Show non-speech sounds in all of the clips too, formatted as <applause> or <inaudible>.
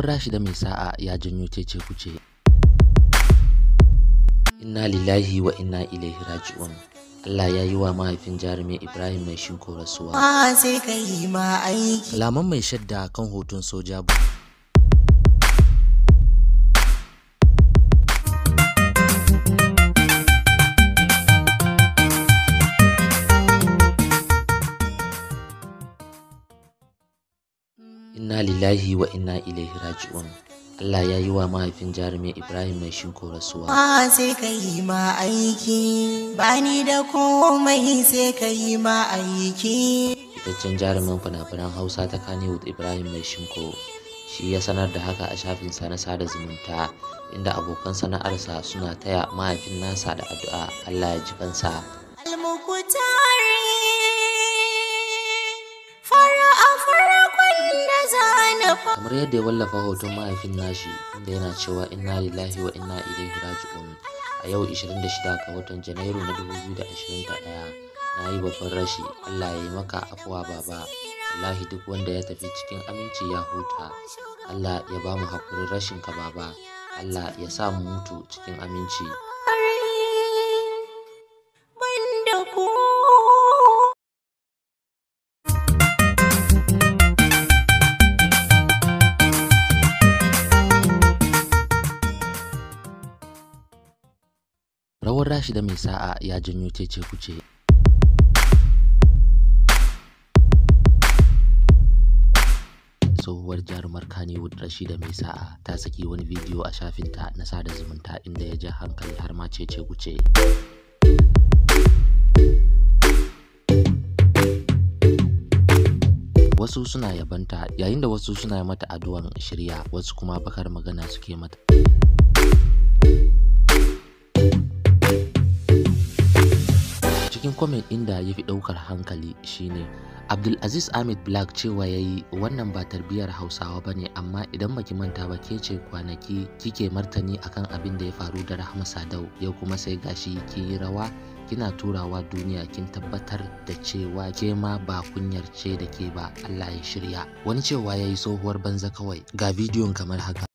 rashi da mai sa'a ya janyo cece kuce. Inna lillahi wa inna ilaihi raji'un. Allah ya yi wa mahaifin jarumi Ibrahim mai shinko rasuwa. Kalaman mai shadda kan hoton soja. inna lillahi wa inna ilaihi raji'un Allah ya yi wa mahaifin jarumin Ibrahim mai shinko rasuwa. Ba sai ka yi ma aiki, bani da komai sai ka yi ma aiki. Fitaccen jarumin fina-finan Hausa ta Kanewood Ibrahim mai shinko shi ya sanar da haka a shafinsa na sada zumunta inda abokan sana'arsa suna taya mahaifin nasa da addu'a Allah ya ji kansa. Almukuta kamar yadda ya wallafa hoton mahaifin nashi inda yana cewa inna lillahi wa inna ilaihi raji'un a yau 26 ga watan janairu na 2021 na yi babban rashi allah ya yi maka afuwa baba wallahi duk wanda ya tafi cikin aminci ya huta allah ya ba mu haƙurin rashin ka baba allah ya sa mu mutu cikin aminci da mai sa'a ya janyo cece kuce. tsohuwar jarumar Kannywood Rashida mai sa'a ta saki wani bidiyo a shafinta na sada zumunta inda ya ja hankali har ma cece kuce. Wasu suna yabanta yayin da wasu suna mata addu'an shirya wasu kuma bakar magana suke mata. cikin comment ɗin da ya fi ɗaukar hankali shine Abdulaziz Ahmed Black cewa yayi, wannan ba tarbiyyar Hausawa ba ne amma idan baki manta ba ke ce kwanaki kike martani akan abin da ya faru da Rahama Sadau yau kuma sai gashi ki yi rawa kina turawa duniya kin tabbatar da cewa ke ma ba kunyar ce da ke ba Allah ya shirya wani cewa yayi yi tsohuwar banza kawai ga bidiyon kamar haka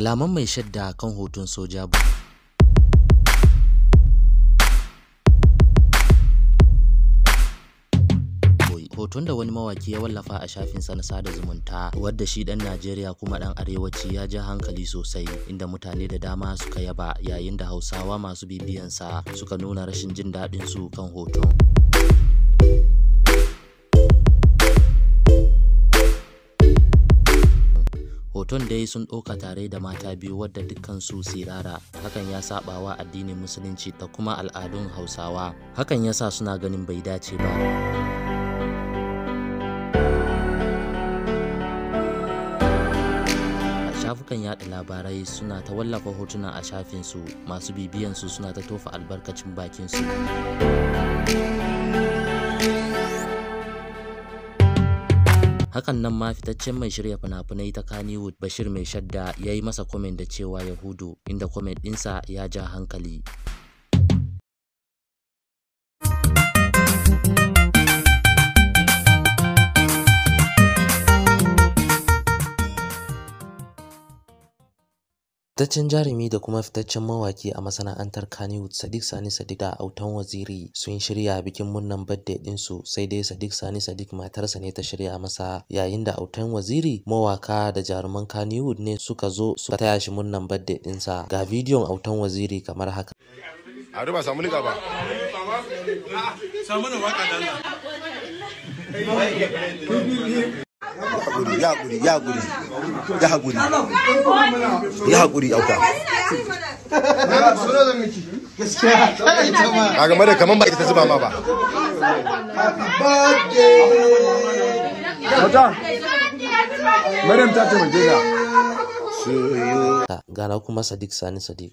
kalaman mai shadda kan hoton soja bu hoton da wani mawaki ya wallafa a shafin na sada zumunta wadda shi dan Najeriya kuma dan arewaci ya ja hankali sosai inda mutane da dama suka yaba yayin da Hausawa masu bibiyan sa suka nuna rashin jin daɗin su kan hoton. hoton dai sun ɗauka tare da mata biyu wadda dukkansu sirara hakan ya sabawa addinin musulunci ta kuma al'adun hausawa hakan ya sa suna ganin bai dace ba shafukan yaɗa labarai suna ta wallafa hotuna a shafinsu masu bibiyansu suna ta tofa albarkacin bakinsu hakan nan ma fitaccen mai shirya fina-finai ta Kannywood Bashir mai shadda ya yi masa komen da cewa ya hudu inda komen ɗinsa ya ja hankali. Fitaccen jarumi da kuma fitaccen mawaki a masana'antar Kannywood Sadiq Sani Sadiq da Autan Waziri sun shirya bikin munnan birthday ɗinsu sai dai Sadiq Sani Sadiq matarsa ne ta shirya masa yayin da Autan Waziri mawaka da jaruman Kannywood ne suka zo suka taya shi munnan birthday ɗinsa ga bidiyon Autan Waziri kamar haka. A ba <laughs> hakuri ya hakuri ya hakuri ya a game da kaman ba ta zuba ma ba gara kuma sadiq sani sadiq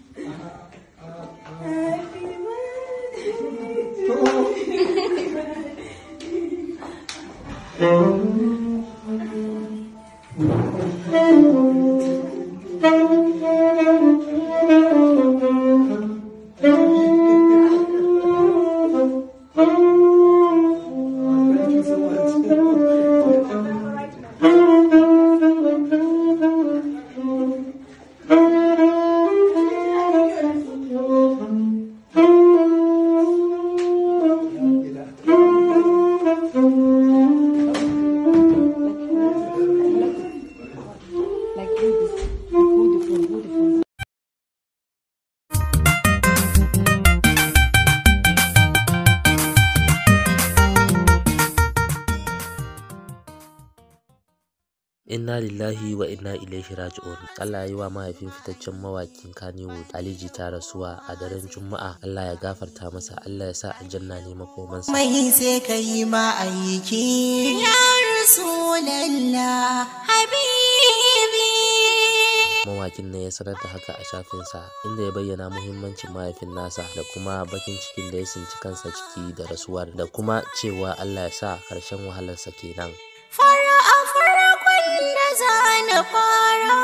嗯。inna lillahi wa inna ilaihi raji'un Allah yi wa mahaifin fitaccen mawakin Kannywood Aliji ta rasuwa a daren Juma'a Allah ya gafarta masa Allah ya sa aljanna ne makomansa mai sai kai ma aiki ya rasulullah mawakin ne ya sanar da haka a shafinsa inda ya bayyana muhimmancin mahaifin nasa da kuma bakin cikin da ya sinci kansa ciki da rasuwar da kuma cewa Allah ya sa karshen wahalarsa kenan. Fara zana fara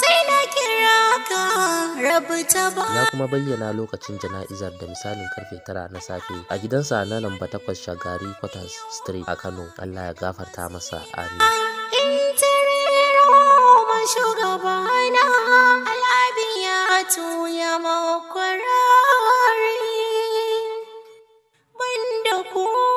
sai na kira ka rabu ta ba ya kuma bayyana lokacin jana'izar da misalin karfe tara na safe a gidansa na lamba takwas shagari quarters street a kano allah ya gafarta masa amin shugabana al'abiyatu ya makwarari banda ku.